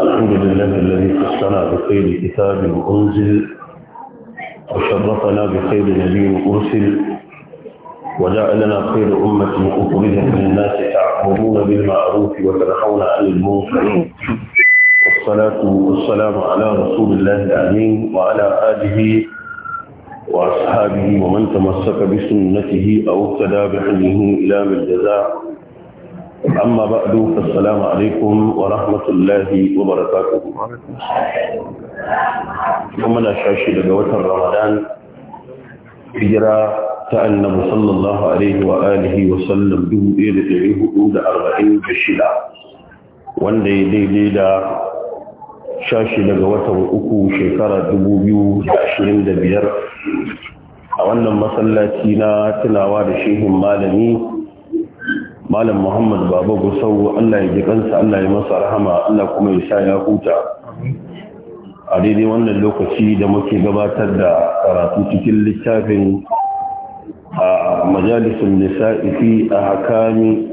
الحمد لله الذي خصنا بخير كتاب أنزل وشرفنا بخير نبي أرسل وجعلنا خير أمة أخرجت للناس تعبدون بالمعروف وتنحون عن المنكر والصلاة والسلام على رسول الله الأمين وعلى آله وأصحابه ومن تمسك بسنته أو اقتدى بحلمه إلى من جزاء أما بعد فالسلام عليكم ورحمة الله وبركاته ومن أشاشي لقوة رمضان هجرة تأنب صلى الله عليه وآله وسلم دو إلى دعيه أولى أربعين بشلا وان دي دي دي دا شاشي لقوة أكو شكرة دبو بيو عشرين دبير a wannan masallaci na tunawa da shehin malami malam muhammad baba gusau allah ya ji kansa allah ya masa rahama allah kuma ya sha ya huta a daidai wannan lokaci da muke gabatar da karatu cikin littafin a majalisun nisa'i fi a hakami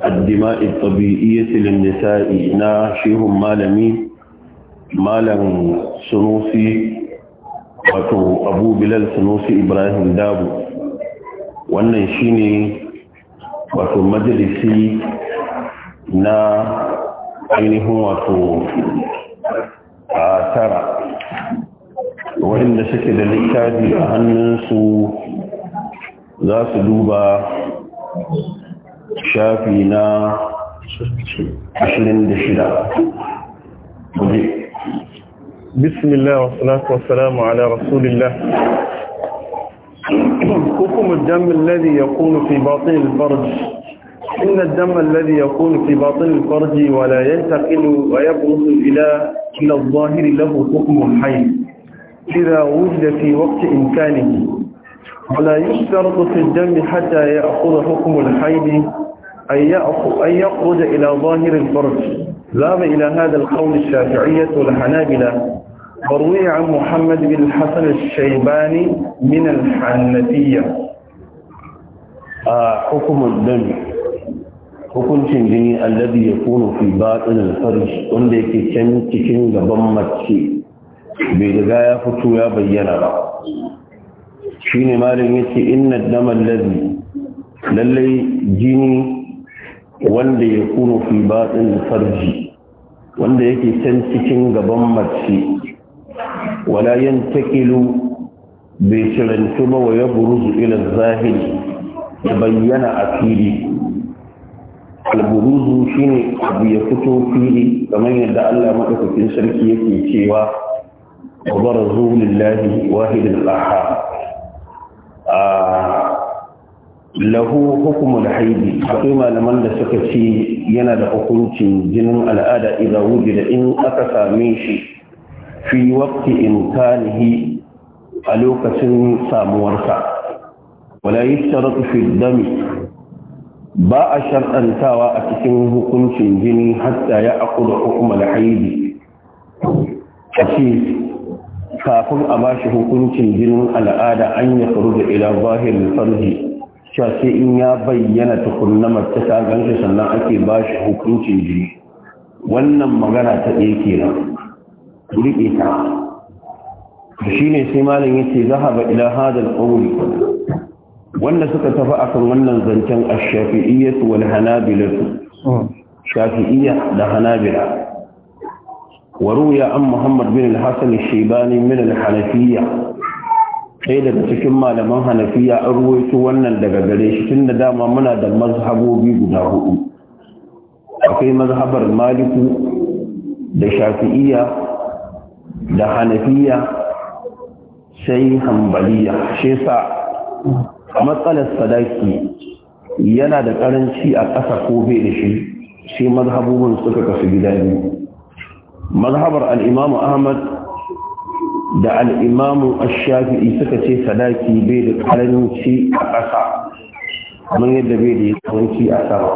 الدماء الطبيعية Nisa'i na Shehun Malami, Malam سنوسي wato abu bilal sunusi ibrahim dabu wannan shine wato majalisi na ainihin wato a tara waɗanda suke da littafi a hannunsu za su duba shafi na 26 بسم الله والصلاة والسلام حكم الدم الذي يكون في باطن الفرج إن الدم الذي يكون في باطن الفرج ولا ينتقل ويبرز إلى إلى الظاهر له حكم الحي إذا وجد في وقت إمكانه ولا يشترط في الدم حتى يأخذ حكم الحيض أن يخرج إلى ظاهر الفرج ذهب إلى هذا القول الشافعية والحنابلة وروي عن محمد بن الحسن الشيباني من الحنفية a hukumar dami hukuncin jini ya yakunu fi batin al wanda yake can cikin gaban mace bai riga ya fito ya bayyana ba Shi shine malam ce inna ad-dama alladhi lallai jini wanda ya yakunu fi batin al wanda yake can cikin gaban mace wala yantakilu bai shirantu ba wa ya buruzu ila zahiri ya bayyana a fili alburuzu shine abu ya fito fili kamar yadda Allah madaukakin sarki yake cewa wa barazu lillahi wahidul lahu hukumar haidi akwai malaman da suka ce yana da hukuncin jinin al'ada idan da in aka same shi fi waqti imkanihi a lokacin samuwarsa wala yushtaratu fi dami ba a shar'antawa a cikin hukuncin jini hatta ya aqulu hukm al-haidi kafin a bashi hukuncin jinin al'ada an ya faru da ila zahirin farji cewa sai in ya bayyana tukunna mace ta ganshi sannan ake bashi hukuncin jini wannan magana ta ɗaya kenan riƙe ta shi ne sai malin yace zahaba ila hadal qawli wanda suka tafi akan wannan zancen a shafiiyyah wal hanabilah hmm. shafi'iyya da hanabila wa ruya an muhammad bin al-hasan ash min al sai daga cikin malaman hanafiya an ruwaito wannan daga gare shi tun da dama muna da mazhabobi guda hudu akwai mazhabar maliku da shafi'iya da hanafiya sai hambaliya shi sa matsalar sadaki yana da karanci a ƙasa ko bai da shi sai mazhabubin suka kasu gida biyu mazhabar al'imamu ahmad da al'imamu ashafi'i suka ce sadaki bai da karanci a ƙasa kamar yadda bai da karanci a sama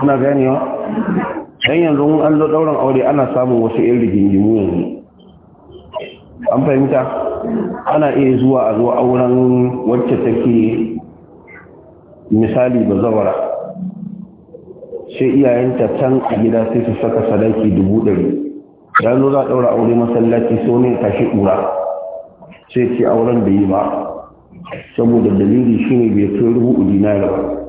kuna wa? dan yanzu an zo ɗauran aure ana samun wasu irin rigingimu yanzu an fahimta ana iya zuwa a zuwa auren wacce take misali ba zawara sai iyayenta can a gida sai su saka sadaki dubu ɗari ya za a ɗaura aure masallaci so ne tashi ƙura sai ce auren da yi ba saboda dalili shine bai kai rubu dinara ba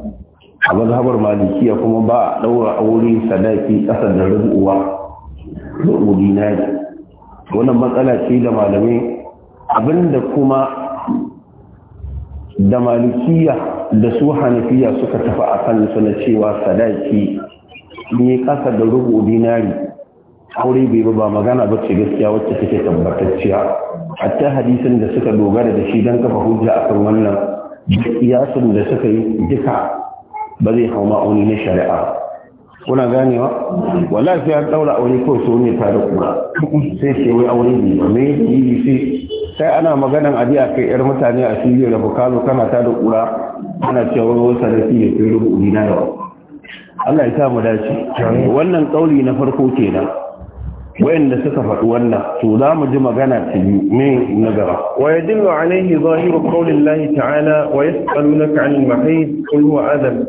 a mazhabar malikiya kuma ba a ɗaura aure sadaki ƙasa da rubuwa rubu dinari wannan matsala ce da malamai abinda kuma da malikiya da su hanafiya suka tafi a kan na cewa sadaki ne kasa da rubu dinari aure bai ba ba magana ba ce gaskiya wacce take tabbatacciya hatta hadisin da suka dogara da shi don kafa hujja akan wannan iyasun da suka yi duka ba zai hau ma'auni na shari'a kuna ganewa wallahi sai an daura aure ko so ne tare kuma sai ce wai aure ne me yi sai sai ana maganan aje a kai yar mutane a shirye da bukalo kana ta da kura ana cewa wani sarafi ne kai rubu ina yawa Allah ya sa mu dace wannan kauli na farko kenan wayanda suka faɗi wannan to za mu ji magana ta yi me na gaba wa yadullu alaihi zahiru qawlillahi ta'ala wa yas'alunaka 'anil mahayy qul huwa adam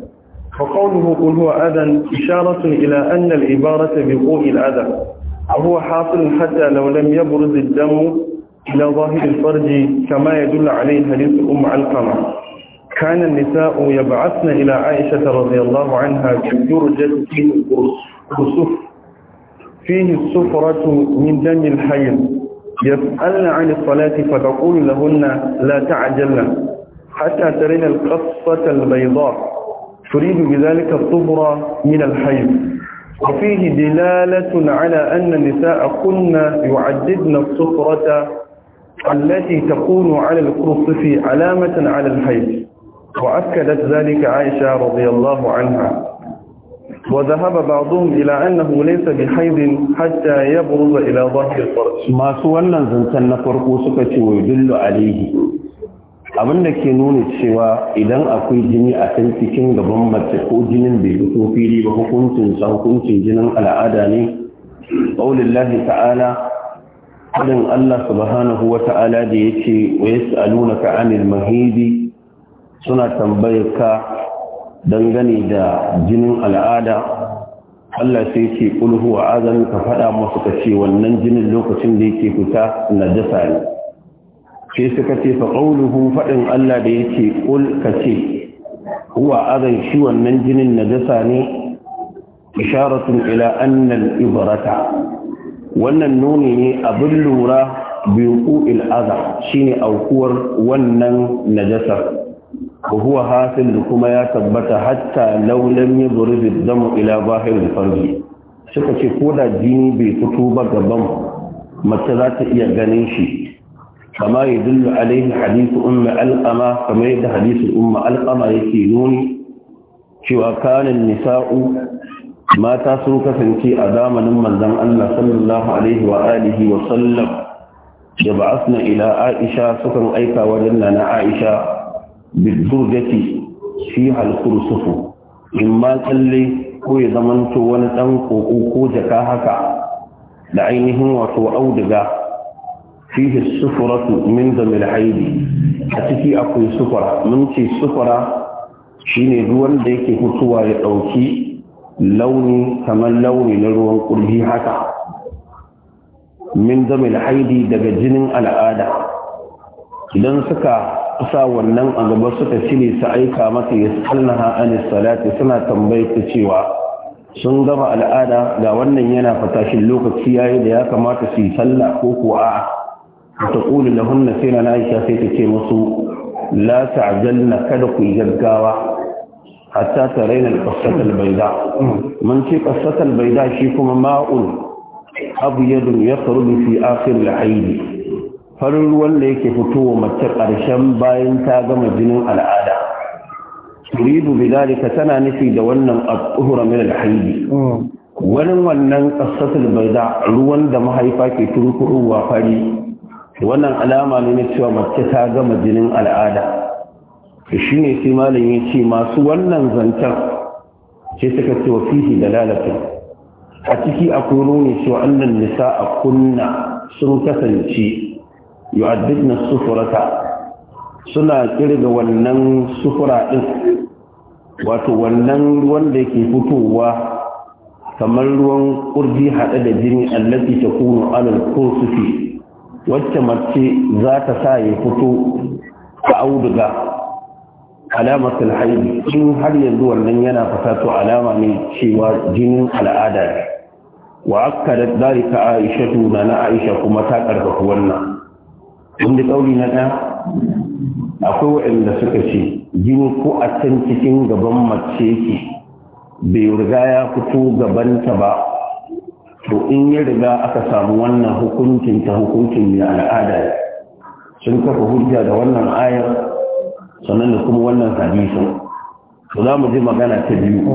فقوله قل هو أذى إشارة إلى أن العبارة بقوء الأذى وهو حاصل حتى لو لم يبرز الدم إلى ظاهر الفرج كما يدل عليه حديث أم علقمة كان النساء يبعثن إلى عائشة رضي الله عنها بالدرجة فيه الكرسف فيه السفرة من دم الحيض يسألن عن الصلاة فتقول لهن لا تعجلن حتى ترين القصة البيضاء تريد بذلك الطبرة من الحيض وفيه دلالة على أن النساء كن يعددن الصفرة التي تكون على القرصف علامة على الحيض وأكدت ذلك عائشة رضي الله عنها وذهب بعضهم إلى أنه ليس بحيض حتى يبرز إلى ظهر الفرس ما سوى لنزنتن فرقوسك ويدل عليه abin da ke nuna cewa idan akwai jini a kan cikin gaban mace ko jinin bai fito fili ba hukuncin sa hukuncin jinin al'ada ne qaulin ta'ala irin Allah subhanahu wa ta'ala da yace wa yas'alunaka 'anil mahidi suna tambayar ka dangane da jinin al'ada Allah sai ya ce kul huwa azan ka fada masu ka ce wannan jinin lokacin da yake fita najasa ne sai suka ce fa qawluhu fadin Allah da yake kul ce'! huwa azan shi wannan jinin najasa ne isharatun ila anna al-ibrata wannan nuni ne abin lura biyu al-adha shine aukuwar wannan najasar وهو حاصل لكما يا ثبت حتى لو لم يبرز Ila, الى ظاهر الفرج suka ce ko da jini bai fito ba gaban mace za ta iya ganin shi kama ya dillu alaihi hadisu umma al'ama kamar yadda hadisu umma al'ama yake nuni cewa kanin nisa'u mata sun kasance a zamanin manzon Allah sallallahu alaihi wa alihi wa sallam da ba'asna ila Aisha sukan aika wajen na Aisha bidurgati fi halkursufu in ma tsalle ko ya zamanto wani ɗan koko ko jaka haka da ainihin wato auduga fihi sufuratu min zamil haidi a ciki akwai sufura mun ce sufura shine ruwan da yake fitowa ya ɗauki launi kamar launi na ruwan kurji haka min zamil haidi daga jinin al'ada idan suka sa wannan a gaba suka cire su aika mata ya sallaha anis salati suna tambayar cewa sun gama al'ada ga wannan yana fatashin lokaci yayi da ya kamata su yi sallah ko ko a'a تقول لهن سينا نائشة سيتكي مصو لا تعجلن كدك جدقاوة حتى ترين القصة البيضاء من شي قصة البيضاء شيكم ماء أبيض يخرج في آخر العيد farin ruwan da yake fitowa mace ƙarshen bayan ta gama jinin al'ada turidu bidalika tana nufi da wannan al-tuhura min al-haidi wannan wannan ruwan da mahaifa ke turkuruwa fari wannan alama ne na cewa mace ta gama jinin al'ada shi ne sai malam ya ce masu wannan zancen ce suka ce wa fihi da lalata a ciki akwai koro ne cewa annan nisa a kunna sun kasance yu'addidna sufurata suna kirga wannan sufura din wato wannan ruwan da yake fitowa kamar ruwan kurji haɗe da jini allafi ta kuno alal kursufi wacce mace za ta sa ya fito a auduga alamar sulhaibi in har yanzu wannan yana fata alama ne cewa jinin al'ada ne wa akka da dalika aisha tuna na aisha kuma ta karfafa wannan da kauli na ɗaya akwai waɗanda suka ce jini ko a can cikin gaban mace yake bai riga ya fito gabanta ba to in ya riga aka samu wannan hukuncin ta hukuncin mai al'ada sun kafa hujja da wannan ayar sannan da kuma wannan hadisin to za mu ji magana ta biyu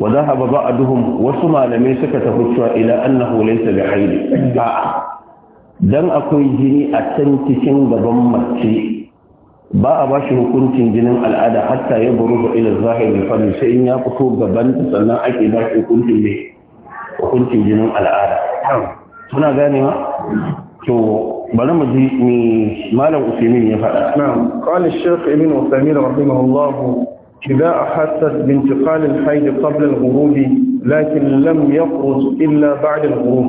wa zahaba ba'duhum wasu malamai suka tafi cewa ila annahu laysa bi hayd a'a dan akwai jini a can cikin gaban mace ba a bashi hukuncin jinin al'ada hatta ya buru da ila zahiri fari sai in ya fito gaban sannan ake ba hukuncin ne hukuncin jinin al'ada suna ganewa to bari mu ji ni malam usaimin ya faɗa na'am qala shaykh ibn usaimin rahimahullah إذا أحست بانتقال الحيض قبل الغروب لكن لم يخرج إلا بعد الغروب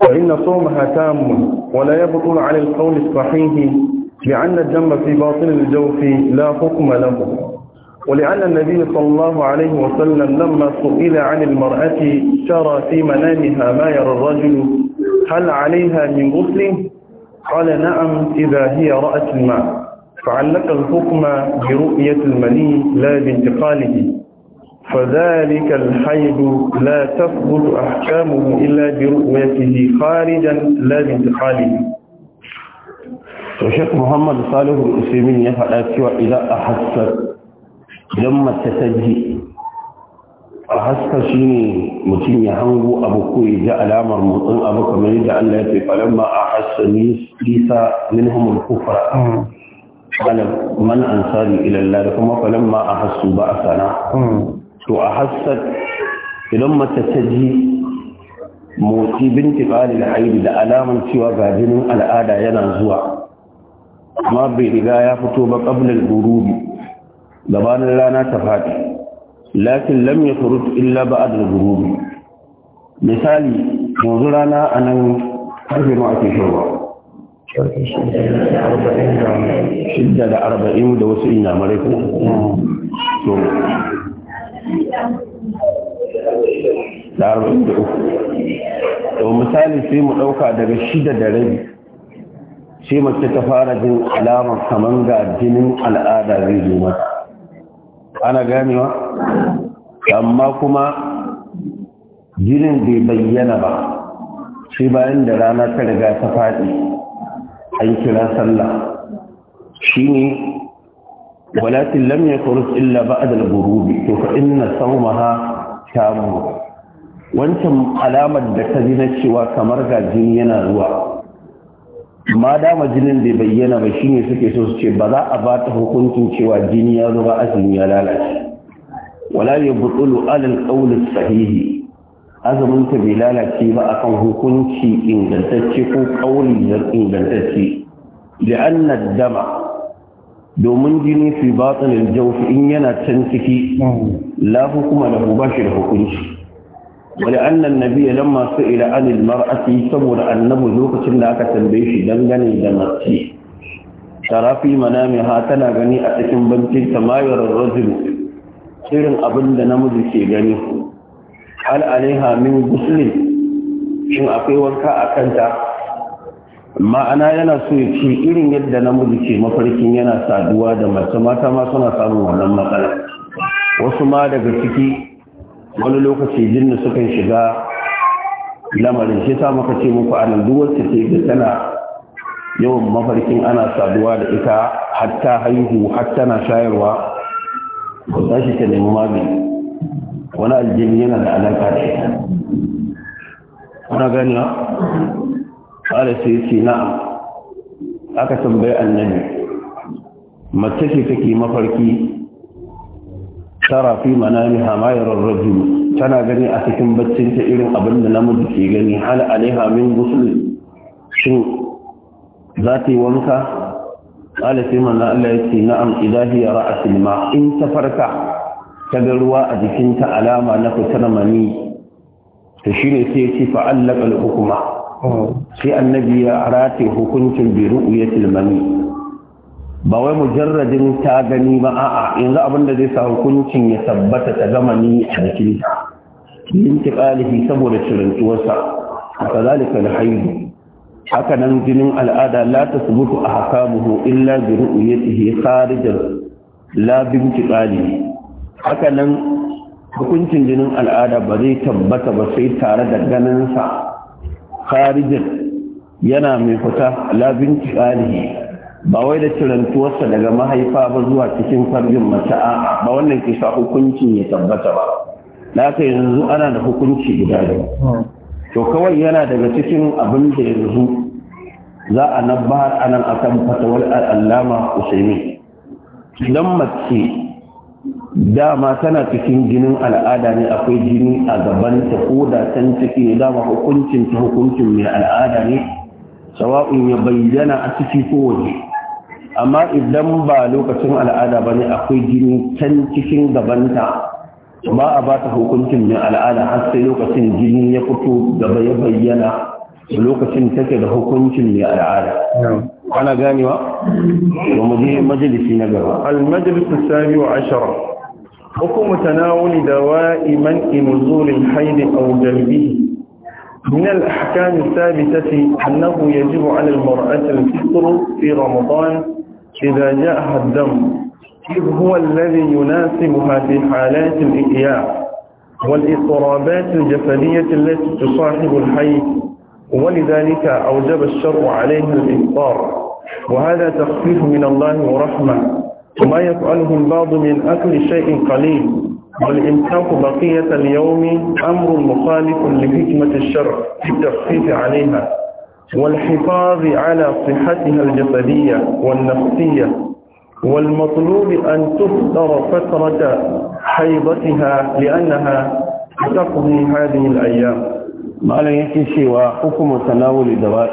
فإن صومها تام ولا يبطل عن القول الصحيح لأن الدم في باطن الجوف لا حكم له ولأن النبي صلى الله عليه وسلم لما سئل عن المرأة ترى في منامها ما يرى الرجل هل عليها من غسل قال نعم إذا هي رأت الماء فعلق الحكم برؤية المني لا بانتقاله فذلك الحيض لا تثبت أحكامه إلا برؤيته خارجا لا بانتقاله وشيخ محمد صالح الأسلمين يفعل ya faɗa cewa don mace ta ji a haska shi ne mutum ya hango abu ko ya ji alamar motsin abu kamar yadda Allah ya ce falamma a hassani isa min humul kufra qala man ansari ila Allah da kuma ma a hasu ba a asana to a haska idan mace ta ji motsi bintiƙali da haidu da alamar cewa ga jinin al'ada yana zuwa amma bai riga ya fito ba ƙablar gurubi gabanin rana ta faɗi lakin lam ya illa a al-ghurubi misali yanzu rana anan karfe ma ake shirwa shidda da arba'in da wasu inyamurai ko so da arba'in da uku to misali sai mu ɗauka daga shida da rabi sai mace ta fara jin alamar kamar ga jinin al'ada zai zo mata ana ganewa amma kuma jinin bai bayyana ba shi bayan da rana ta riga ta faɗi an kira sallah shi ne walatin lam yakhruj illa ba'da al-ghurubi to fa inna ha kamur wancan alamar da ta na cewa kamar ga jini yana zuwa ma dama jinin bai bayyana ba shine suke so su ce ba za a ba ta hukuncin cewa jini ya zo ba azumi ya lalace wala yabtulu alal qawl sahihi azumin ta bai lalace ba akan hukunci ingantacce ko kauli ingantacce لأن الدم domin jini fi batsalin jaufi in yana can ciki hmm. la hukuma da ba shi da hukunci Wani annan na biya don masu su Idanan ilmar ase samun lokacin da aka tambaye shi don ganin zan wace. mana mai haka tana gani a cikin bankin ta mayuwar Rosamind, irin abin da namiji ke gani. Al'adai Haminu, Guslin. Shin akwai wanka a kanta? Amma ana yana so ya ci irin yadda namiji ke mafarki yana saduwa da mace, mata ma suna samun wannan matsala. Wasu ma daga ciki. wani lokaci jinnu sukan shiga lamarin shi sa muka ce muku anan duk wacce ce da tana yawan mafarkin ana saduwa da ita hatta haihu hatta na shayarwa za shi ta nemi magani wani aljini yana da alaƙa da ita kuna gani ba ƙara sai ce na'am aka tambayi annabi mace ce take mafarki tara fi manamiha ma yara tana gani a cikin baccin ta irin abin da namiji ke gani hal alaiha min gusul shin za ta yi wanka qala sai manzo Allah yace na'am idan hiya ra'atul ma in ta farka ta ga ruwa a jikinta alama na fitar mani to shine sai yace fa'allaka al hukuma. Oh. sai annabi ya rati hukuncin bi ru'yatil mani ba wai mujarradin ta gani ba a'a yanzu abin da zai sa hukuncin ya tabbata ta gama ni a jikin ta yin tiqalihi saboda cirintuwarsa kazalika al-hayd haka nan jinin al'ada la tasbutu ahkamuhu illa bi ru'yatihi kharijan la bi tiqalihi haka nan hukuncin jinin al'ada ba zai tabbata ba sai tare da ganin sa kharijan yana mai fita la bi tiqalihi ba wai da cirantuwarsa daga mahaifa ba zuwa cikin farjin mace a ba wannan ke sa hukuncin ya tabbata ba da haka yanzu ana da hukunci guda da to kawai yana daga cikin abin da yanzu za a nan anan akan fatawar al'allama usaini don mace dama tana cikin jinin al'ada ne akwai jini a gaban ta ko da can ciki dama hukuncin ta hukuncin mai al'ada ne sawa'un ya bayyana a ciki ko waje amma idan ba lokacin al'ada ba ne akwai jini can cikin gabanta ba a ba ta hukuncin mai al'ada har sai lokacin jini ya fito gaba ya bayyana lokacin take da hukuncin mai al'ada ana ganewa ba mu je majalisi na gaba al-majlis as-sabi wa ashara حكم تناول دواء منء نزول الحيض أو جلبه من الأحكام الثابتة أنه يجب على المرأة الفطر في رمضان إذا جاءها الدم إذ هو الذي يناسبها في حالات الإحياء والإضطرابات الجسدية التي تصاحب الحي ولذلك أوجب الشرع عليها الإفطار وهذا تخفيف من الله ورحمة وما يفعله البعض من أكل شيء قليل والإنفاق بقية اليوم أمر مخالف لحكمة الشرع في التخفيف عليها والحفاظ على صحتها الجسدية والنفسية والمطلوب أن تفطر فترة حيضتها لأنها تقضي هذه الأيام ما لا سوى حكم تناول دواء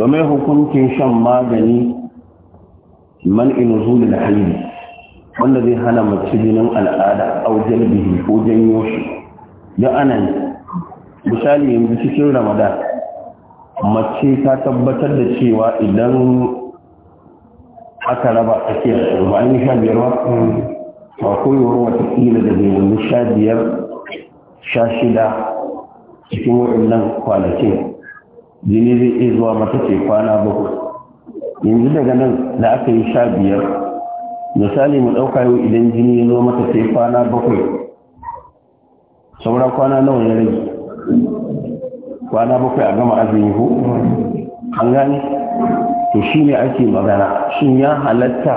وما حكم شم جني منع نزول الحيض والذي هنا متسجن الآلة أو جلبه أو جنيوش ده أنا misali yanzu cikin mace ta tabbatar da cewa idan aka raba tsakiyar ba an yi sha biyar ba ba wata watakila da zai sha biyar sha shida cikin nan kwanakin jini zai iya zuwa mata ce kwana bakwai yanzu daga nan da aka yi sha biyar misali mu ɗauka yau idan jini ya zo mata ce kwana bakwai saura kwana nawa ya rage kwana bakwai a gama azumi ko an gane to shi ne ake magana shin ya halatta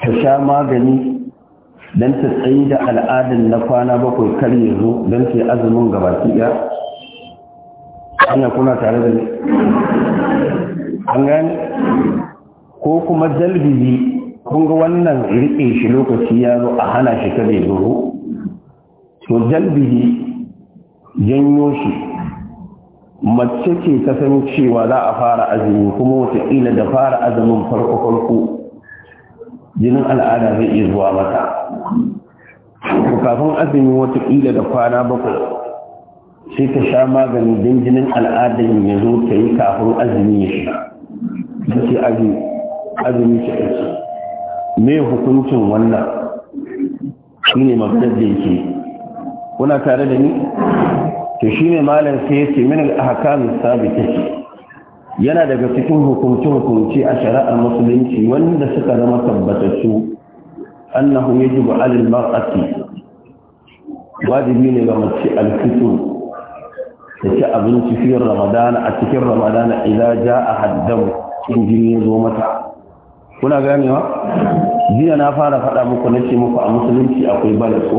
ta sha magani don ta tsayi da al'adun na kwana bakwai kar ya zo don ta yi azumin gabaki ɗaya ana kuna tare da ni an gane ko kuma dalbizi kun ga wannan riƙe shi lokaci ya zo a hana shi kare ya to dalbizi janyo shi mace ce ta san cewa za a fara azumi kuma wata ila da fara azumin farko-farko jinin al'ada zai iya zuwa mata kafin azumi ila da kwana bakwai sai ta sha magani don jinin al'ada ya zo ta yi kafin azumi ya shiga da ce azumi ta ƙarshe me hukuncin wannan shi ne maganar da yake kuna tare da ni to shine malam sai yace min al-ahkam sabitati yana daga cikin hukuncin hukunci a shari'ar musulunci wanda suka zama tabbatattu annahu yajibu 'ala al-mar'ati wajibi ne ga mace al-fitr ta ci abinci fi ramadan a cikin ramadan idan ja'a haddam in jini zo mata kuna ganewa jiya na fara faɗa muku nace muku a musulunci akwai balaso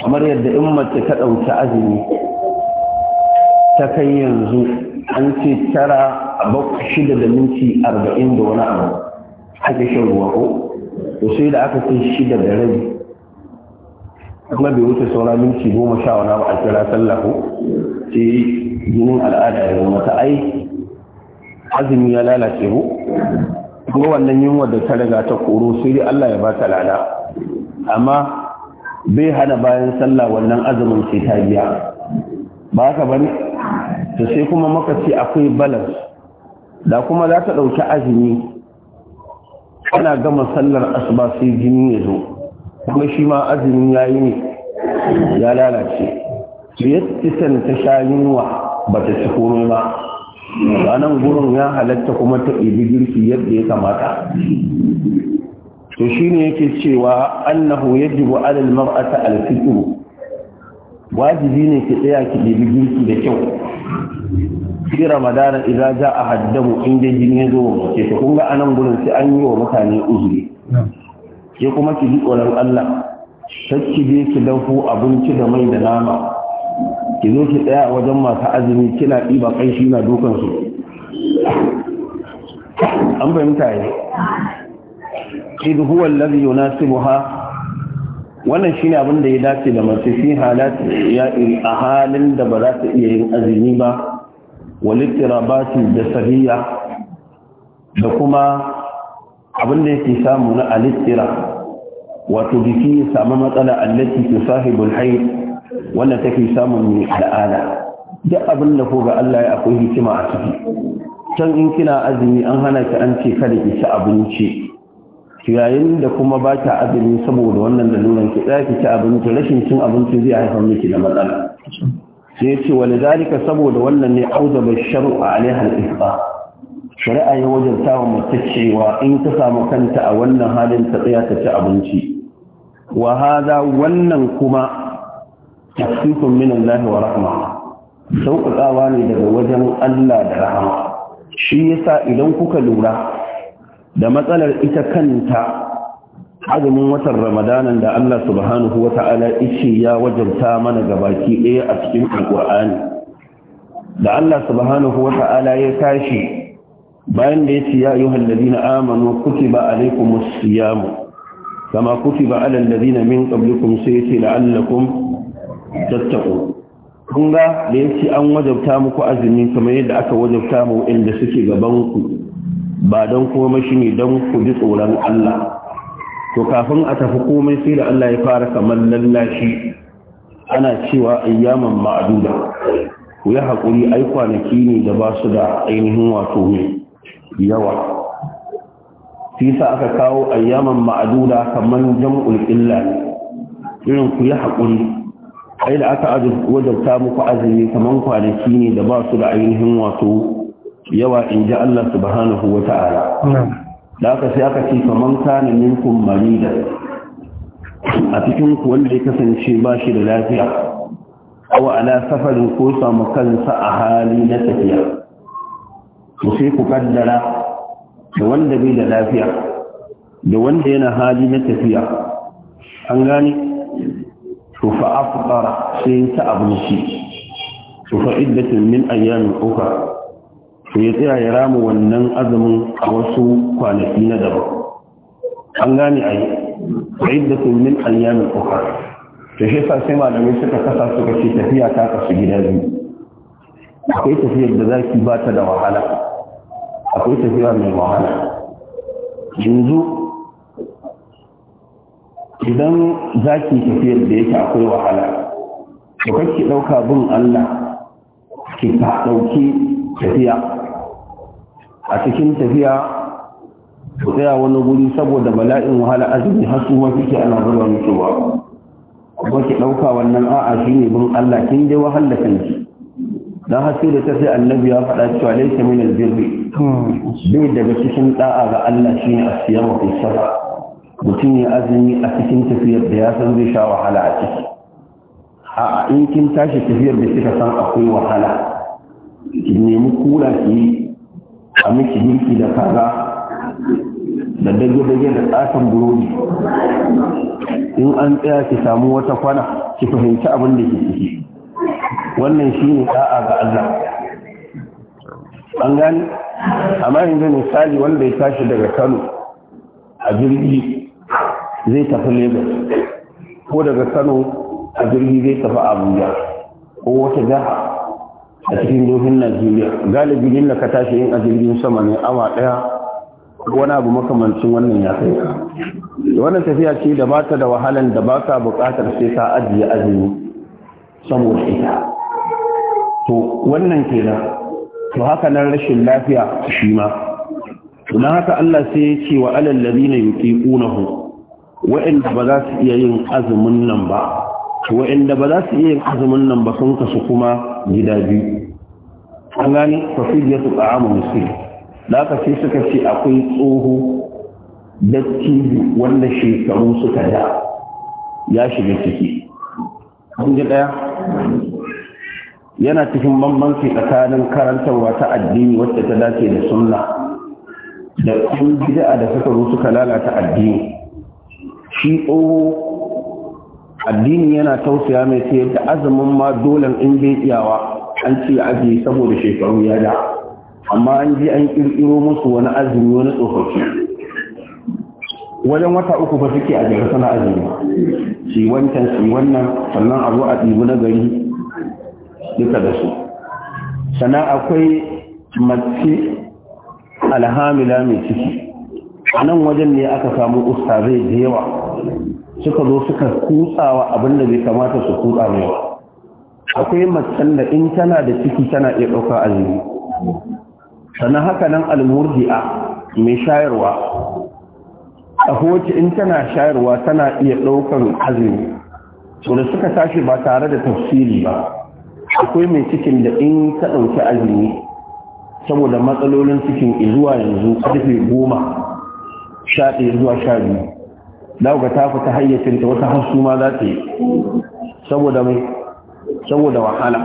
kamar yadda in mace ta ɗauki azumi ta kai yanzu an ce tara bakwai shida da minti arba'in da wani abu ake shan ruwa ko to sai da aka kai shida da rabi kuma bai wuce saura minti goma sha wani abu a kira sallah ko sai jinin al'ada ya zama ta ai azumi ya lalace ko kuma wannan yunwa da ta riga ta koro sai dai Allah ya ba ta lada amma bai hana bayan sallah wannan azumin ce ta biya ba ka bane to sai kuma maka ce akwai balance da kuma za ta ɗauki azumi ana gama sallar asuba sai jini ya zo kuma shi ma azumin ya yi ne ya lalace tisan ta sha yunwa ba ta ci komai ba ranar gurin ya halatta kuma ta ibi girki yadda ya kamata to shine yake cewa annahu yajibu ala almar'ata alfitru wajibi ne ki tsaya ki dibi girki da kyau fi ramadana idan za a haddamu inda jini ya zo ke to Kun ga anan gurin sai an yi wa mutane uzuri Ke kuma ki ji tsoron allah ki je ki dafu abinci da mai da nama ki zo ki tsaya wajen masu azumi kina ɗiba kai shi na su an fahimta ne إذ هو الذي يناسبها wannan shine abin da ya dace da masu fi halat ya a halin da ba za ta iya yin azumi ba walittirabati da sahiya da kuma abin da yake samu na alittira wato jiki ya samu matsala allati ke sahibul hayd wanda take samun mai al'ada duk abin da ko ga Allah ya akwai hikima a ciki can in kina azumi an hana ki an ce kada ki ci abinci yayin da kuma ba ta azumi saboda wannan dalilin, ki tsaya ki ci abinci rashin cin abinci zai haifar miki da matsala sai ya ce wani zalika saboda wannan ne auzaba a alaiha al-isba shari'a ya wajarta wa mace cewa in ta samu kanta a wannan halin ta tsaya ta ci abinci wa hada wannan kuma tafsikun min Allah wa rahma sauƙaƙawa ne daga wajen Allah da rahama shi yasa idan kuka lura da matsalar ita kanta azumin watan ramadanan da Allah subhanahu wa ta'ala ishi ya wajarta mana gabaki ɗaya a cikin alƙur'ani da Allah subhanahu wa ta'ala ya tashi bayan da ya ce ya yi hallabi na amanu kutiba alaikumus siyamu كما كتب على الذين min قبلكم سيتي لعلكم تتقون kun ga da yake an wajabta muku azumin kamar yadda aka wajabta mu inda suke gaban ku ba don komai shi ne don ku ji tsoron Allah to kafin a tafi komai sai da Allah ya fara kamar lallashi ana cewa ayyaman ma'aduda ku yi haƙuri ai kwanaki ne da ba su da ainihin wato ne yawa fi sa aka kawo ayyaman ma'aduda kamar jam'ul illa irin ku yi haƙuri ai da aka wajabta muku azumi kamar kwanaki ne da ba su da ainihin wato yawa in ji Allah subhanahu wa ta'ala da aka sai aka ce kaman kana ninkun marida a cikin wanda ya kasance ba shi da lafiya aw ala safarin ko samu kansa a hali na tafiya Ku sai ku kaddara da wanda bai da lafiya da wanda yana hali na tafiya an gane to fa afqara sai ta abinci to fa iddatun min ayyamin ƙofa. to ya tsaya ya rama wannan azumin a wasu kwanaki na daban an gane a yi da yadda sun min ayyamin shi sai malamai suka kasa suka ce tafiya ta kasu gida biyu akwai tafiyar da za ba ta da wahala akwai tafiya mai wahala yanzu idan za ki tafiyar da yake akwai wahala to kake ɗauka bin Allah ki ta ɗauki tafiya a cikin tafiya ku tsaya wani guri saboda bala'in wahala azumi har su ma kike ana zuwa mutuwa kuma ki ɗauka wannan a'a shine bin Allah kin je wahala kanki dan haske da ta sai annabi ya faɗa cewa laysa min albirri bai daga cikin da'a ga Allah shine asiyamu fi sabr mutum ya azumi a cikin tafiyar da ya san zai sha wahala a ciki a in kin tashi tafiyar da kika san akwai wahala ki nemi kula ki a miki miki da kaza da dage-dage da tsakan burodi in an tsaya ki samu wata kwana ki fahimci abin da ke ciki wannan shine ne da'a ga Allah an gani amma yanzu misali wanda ya tashi daga Kano a jirgi zai tafi Lagos ko daga Kano a jirgi zai tafi Abuja ko wata jaha a cikin jirgin najeriya galibi din ka tashi yin a jirgin sama ne awa ɗaya wani abu makamancin wannan ya kai ka wannan tafiya ce da ba ta da wahalan da ba ka buƙatar sai ka ajiye azumi saboda ita to wannan kenan to haka nan rashin lafiya shi ma don haka Allah sai ya ce wa na ladina yutiqunahu wa'anda ba za su iya yin azumin nan ba wa'anda ba za su iya yin azumin nan ba sun kasu kuma gida biyu an gani su ta'amu miskin da aka ce suka ce akwai tsoho datti wanda shekaru suka da ya shiga ciki an ji ɗaya yana cikin bambanci tsakanin karantarwa ta addini wacce ta dace da sunna da kun gida da suka rusu suka lalata addini shi tsoho addini yana tausaya mai ta da azumin ma dole in bai iyawa an ce aji saboda shekaru ya da amma an ji an kirkiro musu wani azumi wani tsofaffi wajen wata uku ba suke a jere suna azumi shi wancan shi wannan sannan a zo a ɗibu na gari duka da su sannan akwai mace alhamila mai ciki a nan wajen ne aka samu ustazai da yawa suka zo suka kutsawa abin da bai kamata su kutsa ne ba akwai macen da in tana da ciki tana iya ɗauka azumi sannan haka nan almurji'a mai shayarwa a hoci in tana shayarwa tana iya ɗaukan azumi da suka tashi ba tare da tafsiri ba akwai mai cikin da in ta ɗauki azumi saboda matsalolin cikin zuwa yanzu ƙarfe goma sha ɗaya zuwa sha biyu dauka ta fita hayyacinta wata hasu ma za ta yi saboda mai saboda wahala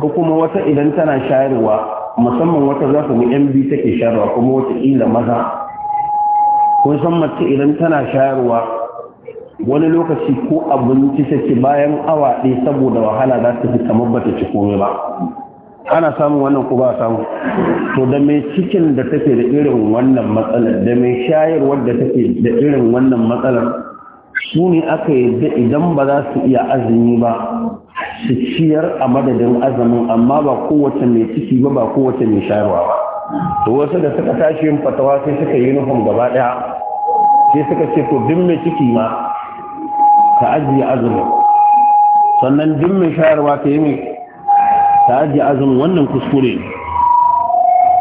ko kuma wata idan tana shayarwa musamman wata za mu yan biyu take shayarwa kuma wata ƙila maza kun san mace idan tana shayarwa wani lokaci ko abinci ta bayan awa ɗaya saboda wahala za ta fi kamar bata ci komai ba ana samun wannan ko ba samu to da mai cikin da take da irin wannan matsalar da mai shayarwar da take da irin wannan matsalar su ne aka yadda idan ba za su iya azumi ba su ciyar a madadin azumin amma ba kowace mai ciki ba ba kowace mai shayarwa ba to wasu da suka tashi yin fatawa sai suka yi nufin gaba daya sai suka ce to duk mai ciki ma ta ajiye azumin sannan duk mai shayarwa ta yi mai ta ajiye azumin wannan kuskure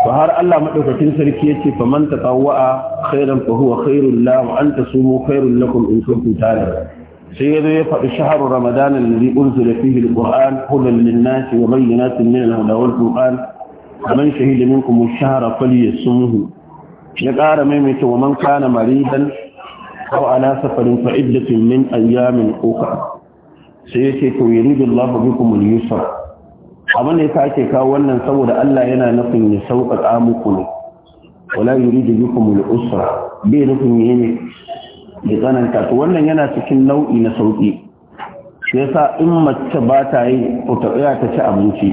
to har Allah maɗaukacin sarki yace fa man tatawwa'a khairan fa huwa khairul lahu an tasumu khairul lakum in kuntum ta'lamun sai yazo ya faɗi shahru ramadan alladhi unzila fihi alquran hudan lin-nas wa bayyinatin min al wal-furqan man shahida minkum ash-shahra falyasumhu ya ƙara maimaita wa man kana maridan aw ala safarin fa iddatun min ayyamin ukhra sai yace to yuridu Allahu bikum al-yusra abin da ya sake kawo wannan saboda Allah yana nufin ya sauƙaƙa muku ne wala yuridu bikum al-usra bai nufin yene ya tsananta to wannan yana cikin nau'i na sauƙi shi yasa in mace ba ta yi ko ta tsaya ta ci abinci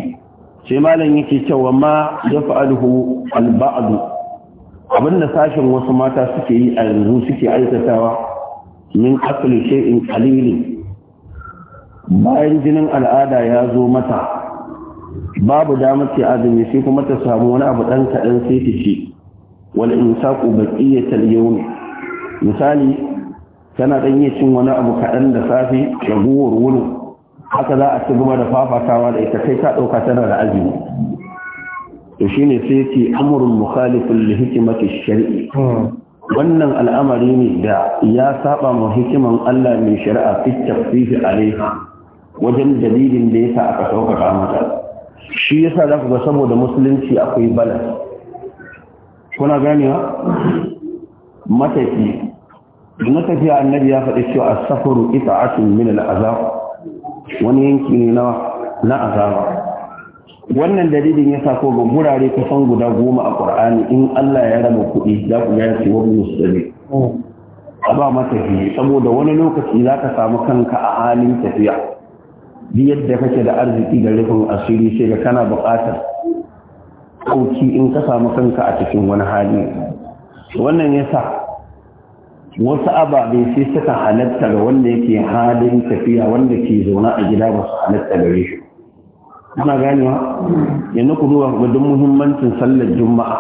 sai malam yake cewa ma yaf'aluhu al-ba'd abin da sashin wasu mata suke yi a yanzu suke aikatawa min akli shay'in qalilin bayan jinin al'ada ya zo mata babu damar ce azumi sai kuma ta samu wani abu ɗan kaɗan sai ta ce wani insaku baƙiyyatar yau misali tana ɗan cin wani abu kaɗan da safe guwar wuni haka za a ci gaba da fafatawa da ita kai ta ɗauka tana da azumi to shine sai ce amurin mukhalifin li hikimati shari'i wannan al'amari ne da ya saba ma hikiman Allah mai shari'a fi tafsifi alaiha wajen dalilin da yasa aka saukaka mata shi yasa za ku ga saboda musulunci akwai balas kuna ganewa matafi matafi tafiya annabi ya faɗi cewa a safaru ita'atun min al-azab wani yanki ne na na azaba wannan dalilin ya ko ga gurare kusan guda goma a Qur'ani in Allah ya raba kuɗi za ku ga yace wani musulmi oh. a ba matafi saboda wani lokaci za ka samu kanka a halin tafiya bi yadda kake da arziki da rufin asiri sai ga kana buƙatar ɗauki in ka samu kanka a cikin wani hali wannan ya sa wasu ababe sai suka halatta ga wanda yake halin tafiya wanda ke zauna a gida ba su halatta gare shi ana ganewa yanzu ku zuwa gudun muhimmancin sallar juma'a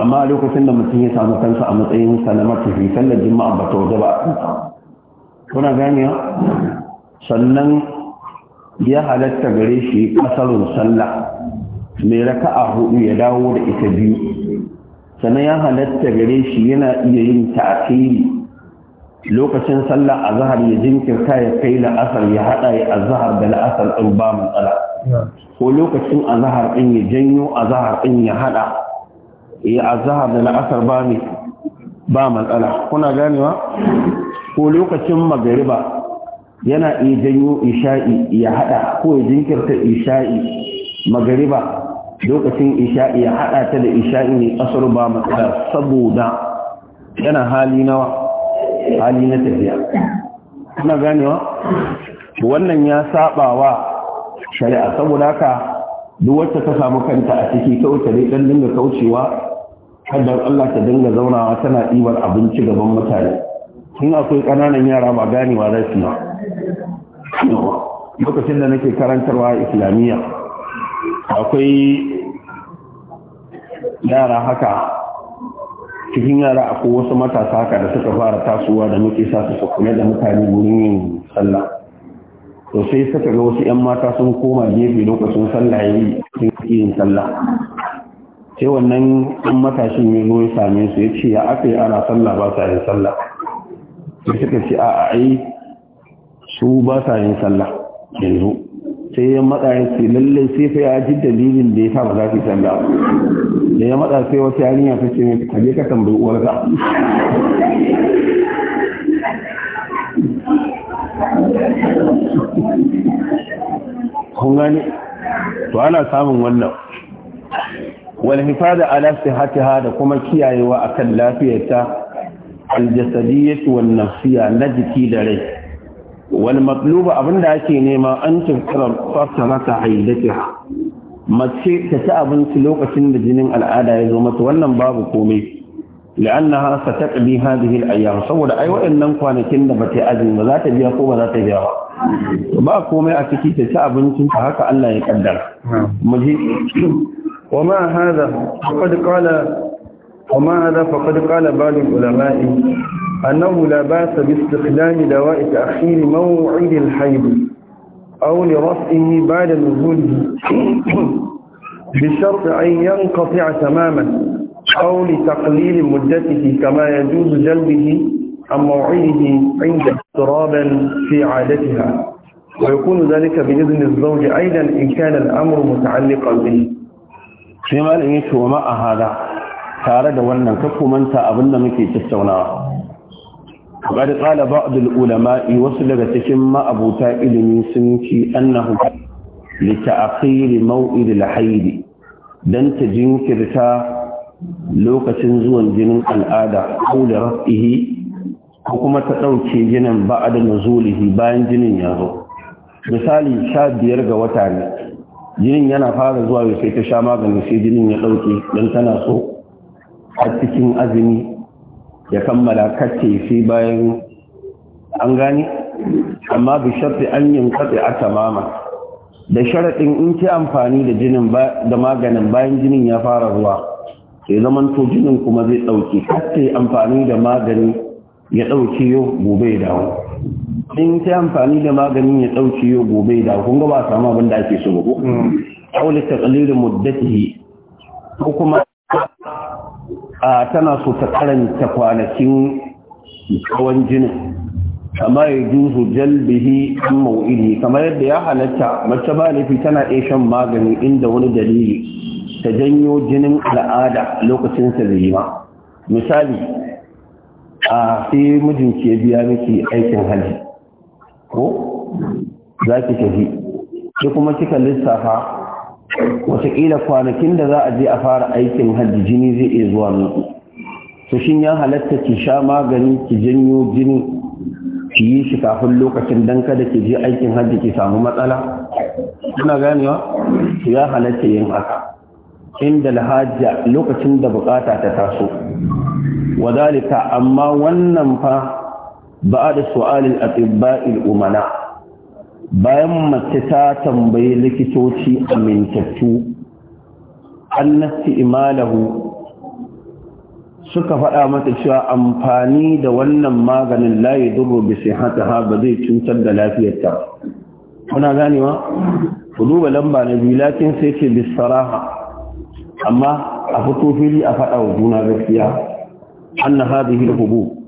amma lokacin da mutum ya samu kansa a matsayin salamar tafi sallar juma'a ba ta waje ba kuna ganewa sannan ya halatta gare shi kasarun sallah mai raka a hudu ya dawo da ita biyu sannan ya halatta gare shi yana iya yin ta'akiri lokacin sallah zahar ya jinkirta ya kai la'asar ya haɗa, ya zahar da la'asar ɗin ba matsala ko lokacin zahar ɗin ya janyo zahar ɗin ya haɗa, ya zahar da la'asar ba matsala kuna ganewa ko lokacin magariba yana iya janyo isha'i ya hada ko ya jinkirta isha'i magariba lokacin isha'i ya hada ta da isha'i ne kasar ba matsala saboda yana hali nawa hali na tafiya kuna ganewa wannan ya saba wa shari'a saboda ka. duk wacce ta samu kanta a ciki kawai ta dai dan dinga kaucewa kaddar Allah ta dinga zaunawa tana ɗibar abinci gaban mutane in akwai ƙananan yara ba ganewa za su yi lokacin da nake karantarwa islamiyya akwai yara haka cikin yara akwai wasu matasa haka da suka fara tasowa da muke sa su kula da mutane wurin yin sallah to sai suka ga wasu 'yan mata sun koma gefe lokacin sallah yi sun yin sallah sai wannan ɗan matashin ya zo ya same su ya ce ya aka yi ana sallah ba sa yin sallah sai suka ce a'a ai su ba sa yin sallah yanzu sai ya matsa ya ce lallai sai fa ya ji dalilin da ya sa ba za ki sallah da ya matsa sai wata yarinya ta ce mai kaje ka tambayi uwarka kun gane to ana samun wannan wal hifada ala sihhatiha da kuma kiyayewa akan lafiyarta al jasadiyyah wan nafsiyya na jiki da rai wal matluba abinda ake nema an tunkara fasarata haidatiha mace ta ci abinci lokacin da jinin al'ada ya zo mata wannan babu komai ta sataqdi hadhihi al-ayyam saboda ai waɗannan kwanakin da bata azumi ba za ta biya ko ba za ta biya ba ba komai a ciki ta ci abincin ta haka Allah ya kaddara ji wa ma hada qad qala ومع هذا فقد قال بعض العلماء أنه لا بأس باستخدام دواء تأخير موعد الحيض أو لرفعه بعد نزوله بشرط أن ينقطع تماما أو لتقليل مدته كما يجوز جلبه عن موعده عند اضطرابا في عادتها ويكون ذلك بإذن الزوج أيضا إن كان الأمر متعلقا به فيما الإنس وما هذا tare da wannan abin abinda muke tattaunawa kamar tsala ba'adul ulama'i wasu daga cikin ma'abuta ilimi sun ci annahu li ta'khiri maw'id da haidi dan ta jinkirta lokacin zuwan jinin al'ada ko da rafihi ko kuma ta ɗauke jinin ba'ad nuzulihi bayan jinin ya zo misali sha biyar ga wata ne jinin yana fara zuwa sai ta sha maganin sai jinin ya ɗauke, don tana so A cikin azumi ya kammala kace shi bayan an gani amma bi sharti an yin katse a tamama da sharaɗin in ki amfani da jinin da maganin bayan jinin ya fara zuwa sai zaman to jinin kuma zai ɗauki kace amfani da magani ya ɗauki yau gobe dawo in ki amfani da maganin ya ɗauki yau gobe dawo kun ga ba samu abin da ake so ba ko mm. aure ta muddatihi ko kuma a tana so ta karanta kwanakin hawan jinin kama ya juzu jalbihi an mau'ili kamar yadda ya halatta mace ba nufi tana iya shan magani inda wani dalili ta janyo jinin al'ada lokacin sa zai ma misali a sai mijinki ya biya miki aikin hali ko za ki tafi ki kuma kika lissafa wataƙila kwanakin da za a je a fara aikin hajji jini zai iya zuwa muku to shin ya halatta ki sha magani ki janyo jini ki yi shi kafin lokacin dan kada ki je aikin hajji ki samu matsala kuna ganewa to ya halatta yin haka inda lahajja lokacin da bukata ta taso wadalika amma wannan fa ba'da su'alil atibba'il umana bayan mace ta tambayi likitoci amintattu an nasti imalahu suka faɗa mata cewa amfani da wannan maganin layi duro bisi hata ba zai cutar da lafiyarta kuna ganewa ku duba lamba na biyu lakin sai ce bisaraha amma a fito fili a faɗa wa juna gaskiya an na hadihi hubu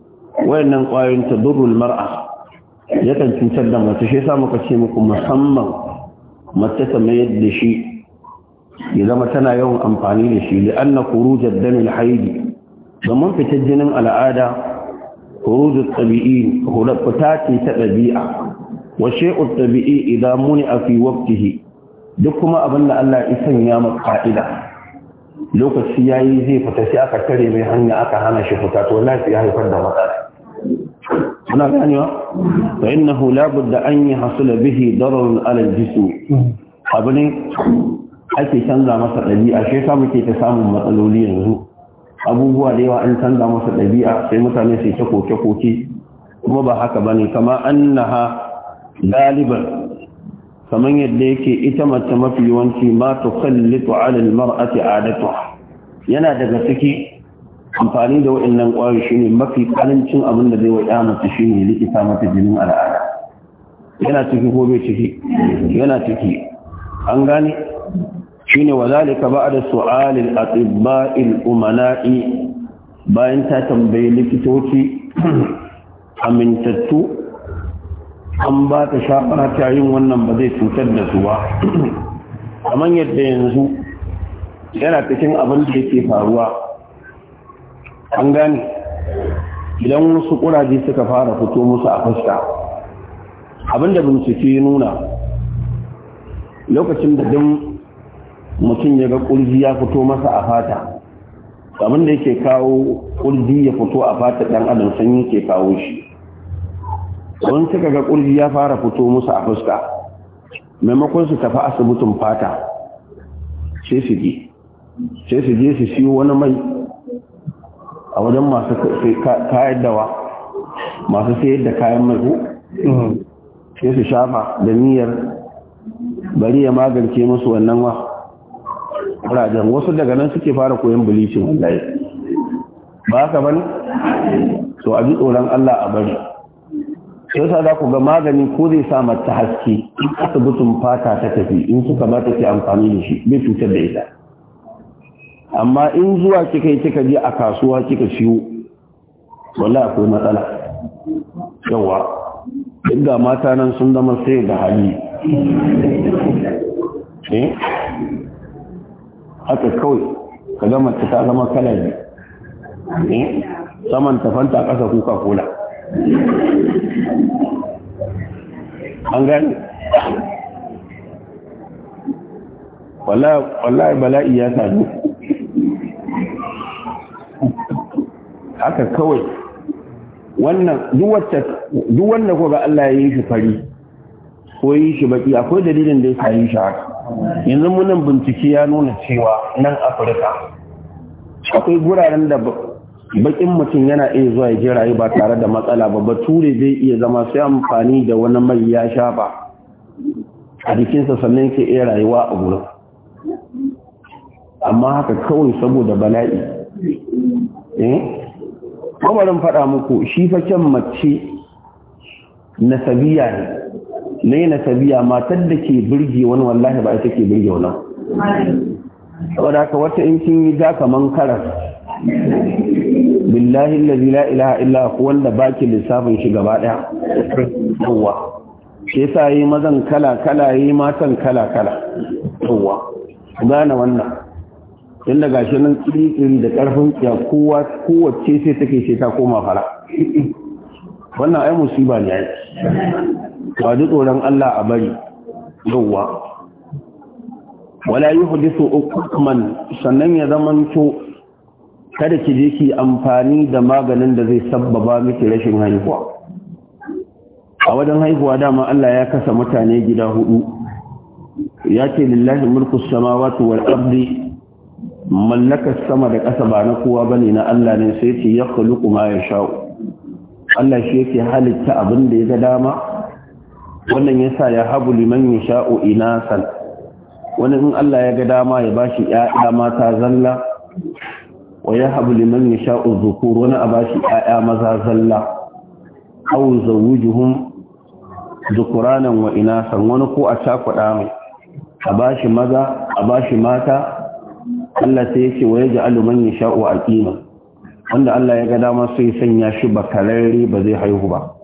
wayannan ƙwayoyin ta durul mar'a yakan cutar da mace shi sa muka ce muku musamman mace ta mayar da shi ya zama tana yawan amfani da shi da anna kurujar damin haidi domin fitar jinin al'ada kurujar tabi'i hular fita ce ta ɗabi'a wa she'ul tabi'i idan muni a fi waktihi duk kuma abin da Allah ya sanya maka ka'ida lokaci yayi zai fita sai aka tare mai hanya aka hana shi fita to lafiya haifar da matsala ana ganewa fa innahu la budda an hasula bihi dararun ala jism abu ne ake canza masa ɗabi'a shi yasa muke ta samun matsaloli yanzu abubuwa da yawa an canza masa ɗabi'a sai mutane sai ta koke koke kuma ba haka ba ne kama annaha galiban kamar yadda yake ita mace mafi yawanci ma tukallitu ala almar'ati adatuha yana daga ciki amfani da wa'annan ƙwayoyi shine mafi ƙarancin abin da zai waɗa mata shine likita mata jinin al'ada yana ciki ko bai ciki yana ciki an gane shine wazalika da su'alil atibba'il umana'i bayan ta tambayi likitoci amintattu an ba ta shafara ta yin wannan ba zai cutar da su ba kamar yadda yanzu yana cikin abin da yake faruwa an gane idan wasu ƙuraje suka fara fito musu a fuska abinda bincike ya nuna lokacin da don mutum ya ga ƙurji ya fito masa a fata abinda yake kawo ƙurji ya fito a fata ɗan adam sanyi ke kawo shi wani suka ga ƙurji ya fara fito musu a fuska maimakon su tafi asibitin fata sai su je sai su je su siyo wani mai a wajen masu kayan dawa masu sayar da kayan mai mm-hmm. sai su shafa da niyyar bari ya magance musu wannan wa rajen wasu daga nan suke fara koyon bilicin wallaye ba ka bane to a ji tsoron Allah a bari sai sa za ku ga magani ko zai sa mata haske in asibitin fata ta tafi in suka ba amfani da shi bai cutar da ita amma in zuwa kika yi kika je a kasuwa kika siyo wallahi akwai matsala yawa duk ga mata nan sun zama sai da hali eh haka kawai ka ga mace ta zama kala ne eh? saman tafanta ƙasa kuka kola an gani wallahi bala'i ya sami haka kawai wannan duk wanda ko ga Allah ya yi shi fari ko yi shi baki akwai dalilin da ya yi shi haka yanzu munan bincike ya nuna cewa nan afirka akwai guraren da bakin mutum yana iya zuwa ya je rayu ba tare da matsala ba ba ture zai iya zama sai amfani da wani mai ya shafa a jikinsa sannan ke iya rayuwa a gurin amma haka kawai saboda bala'i eh kwamarin faɗa muku shi faken mace nasabiya ne na yi nasabiya matar da ke birge wani wallahi ba ita ke birge wani saboda haka wata in kin yi zaka kaman karar billahi allazi la ilaha illa hu wanda baki lissafin shi gaba daya yawa shi yasa yi mazan kala kala yi matan kala kala yawa gane wannan tun da gashi nan da karfin ya kowa kowace sai take sai ta koma fara wannan ai musiba ne ai ba ji tsoron Allah a bari yawwa wala yuhdithu ukman sannan ya zaman to kada ki je ki amfani da maganin da zai sabbaba miki rashin haihuwa a wajen haihuwa dama Allah ya kasa mutane gida hudu ya ce lillahi mulku samawati wal ardi mallakar sama da ƙasa ba na kowa bane na Allah ne sai ce ya khuluqu ma yasha'u Allah shi yake halitta abin da ya ga dama wannan yasa ya habu liman ina san. wani in Allah ya ga dama ya bashi ƴaƴa mata zalla wa ya habu liman yasha'u zukur wani a bashi ƴaƴa maza zalla aw zawujuhum dhukuranan wa inasan wani ko a cakuɗa mai a bashi maza a bashi mata Allah sai yake wa ya ya sha'u aqima wanda Allah ya ga dama sai sanya shi bakararre ba zai haihu ba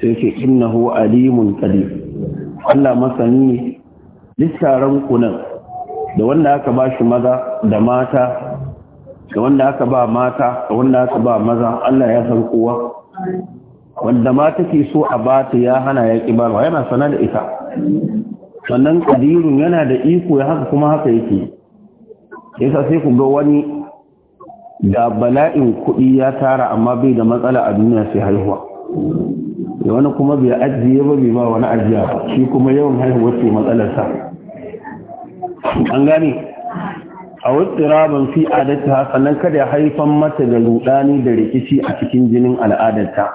sai yake innahu alimun qadir Allah masani ne lissaran kunan da wanda aka ba shi maza da mata da wanda aka ba mata da wanda aka ba maza Allah ya san kowa wanda ma take so a bata ya hana ya ƙi barwa yana sana da ita sannan ƙadirun yana da iko ya haka kuma haka yake yasa sai ku ga wani da bala'in kuɗi ya tara amma bai da matsala a duniya sai haihuwa da wani kuma bai ajiye ba bai ba wani ajiya ba shi kuma yawan haihuwa ce matsalarsa an gane a wasu rabin fi adata sannan kada ya haifan mata da rudani da rikici a cikin jinin al'adarta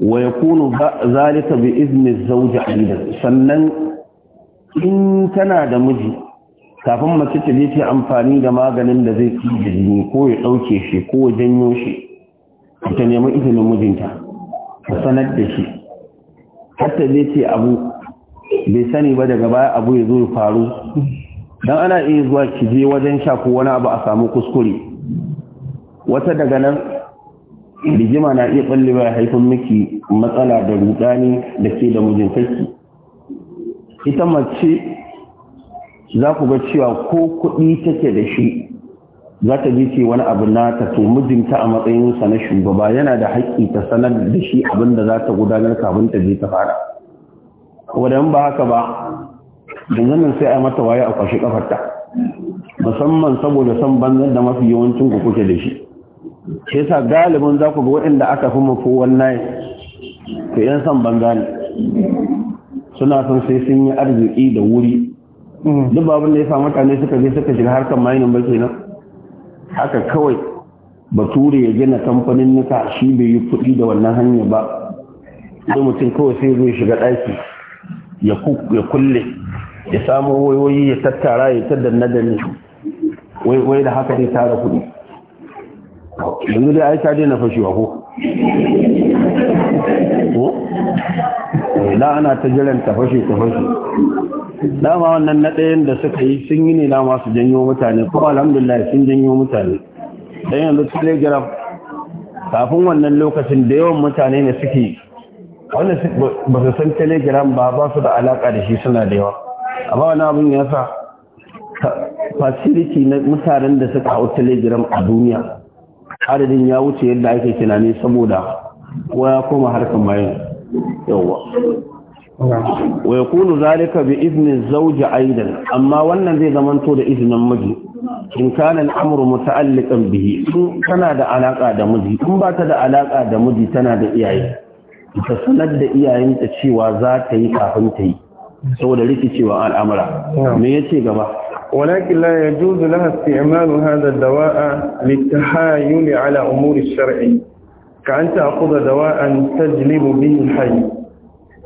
wa ya kunu zalika bi izinin zauja sannan in tana da miji kafin mace ta je ta amfani da maganin da zai fi jini ko ya ɗauke shi ko ya janyo shi ta nemi izinin mijinta ta sanar da shi har ta je ce abu bai sani ba daga baya abu ya zo ya faru dan ana iya zuwa ki je wajen sha ko wani abu a samu kuskure wata daga nan rigima na iya tsalle ya haifin miki matsala da rudani da ke da mijintarki ita mace za ku ga cewa ko kuɗi take da shi za ta ji ce wani abu na ta to mijinta a matsayinsa na shugaba yana da haƙƙi ta sanar da shi abin da za ta gudanar kafin ta je ta fara Wadannan ba haka ba da sai a mata waye a kwashe kafarta musamman saboda san banzan da mafi yawancin ku kuke da shi shi yasa galibin za ku ga waɗanda aka fi mafi wannan to yan san banza ne suna son sai sun yi arziki da wuri Mm. duk babin da ya samu mutane suka je suka shiga harkar mayanin ba kenan haka kawai bature ya gina kamfanin nuka shi bai yi kuɗi da wannan hanyar ba sai mutum kawai sai zai shiga ɗaki ya kulle ya samu wayoyi ya tattara ya taddar ne wai da haka zai tara kuɗi yanzu dai aika dai na fashewa ko ko na eh, ana ta jiran ta fashe ta fashe dama wannan na ɗayan da suka yi sun yi ne dama su janyo mutane kuma alhamdulillah sun janyo mutane ɗayan yanzu telegram kafin wannan lokacin da yawan mutane ne suke wanda ba su san telegram ba ba su da alaƙa da shi suna da yawa amma wani abin ya sa facility na mutanen da suka hau telegram a duniya adadin ya wuce yadda ake tunani saboda ya koma harkar mayan yawa wa yakunu zalika bi izni zawji aidan amma wannan zai zamanto da izinin miji in kana al'amru muta'alliqan bihi in kana da alaka da miji in ba ta da alaka da miji tana da iyaye ta sanar da iyayenta cewa za ta yi kafin ta yi saboda rikicewa al'amura me yace gaba ولكن لا يجوز لها استعمال هذا الدواء للتحايل على أمور الشرع كأن تأخذ دواء تجلب به الحي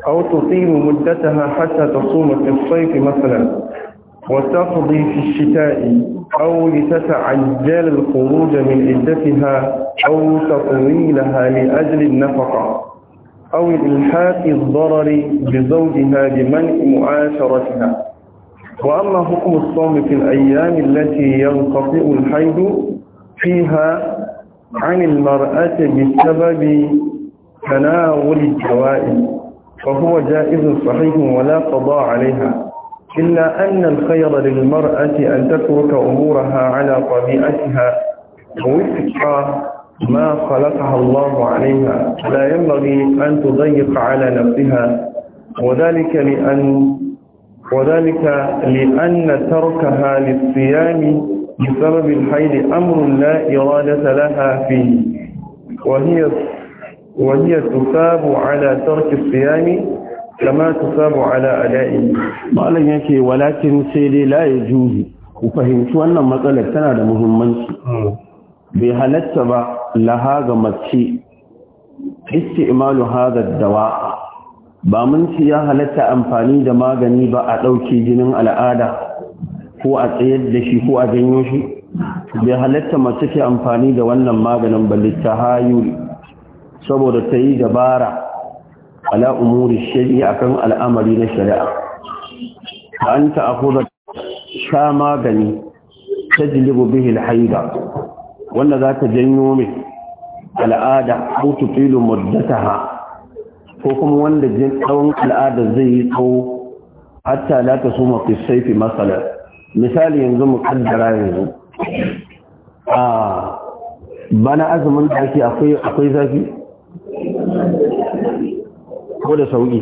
أو تطيل مدتها حتى تصوم في الصيف مثلا وتقضي في الشتاء أو لتتعجل الخروج من عدتها أو تطويلها لأجل النفقة أو الإلحاق الضرر بزوجها بمنع معاشرتها وأما حكم الصوم في الأيام التي ينقطع الحيض فيها عن المرأة بسبب تناول الجوائز فهو جائز صحيح ولا قضاء عليها إلا أن الخير للمرأة أن تترك أمورها على طبيعتها وفق ما خلقها الله عليها لا ينبغي أن تضيق على نفسها وذلك لأن وذلك لأن تركها للصيام بسبب الحيض أمر لا إرادة لها فيه وهي وهي تصاب على ترك الصيام كما تصاب على ادائه ما لن يكي ولكن سيدي لا يجوز وفهمت أن مسألة تنا مهمة بهلت سبا لها غمتشي استعمال هذا الدواء ba mun ci ya halatta amfani da magani ba a ɗauke jinin al'ada ko a tsayar da shi ko a janyo shi bai halatta mace ke amfani da wannan maganin ba hayu saboda ta yi dabara ala umuri shari'a akan al'amari na shari'a ta an ta'akhudha sha magani ta jilibu bihil haida wanda za ta janyo mai al'ada ko tutilu muddataha ko kuma wanda jin tsawon al'ada zai yi tsawo hatta la ta suma fi saifi matsalar. misali yanzu mu kaddara yanzu a ah, bana azumin zafi akwai zafi ko da sauƙi.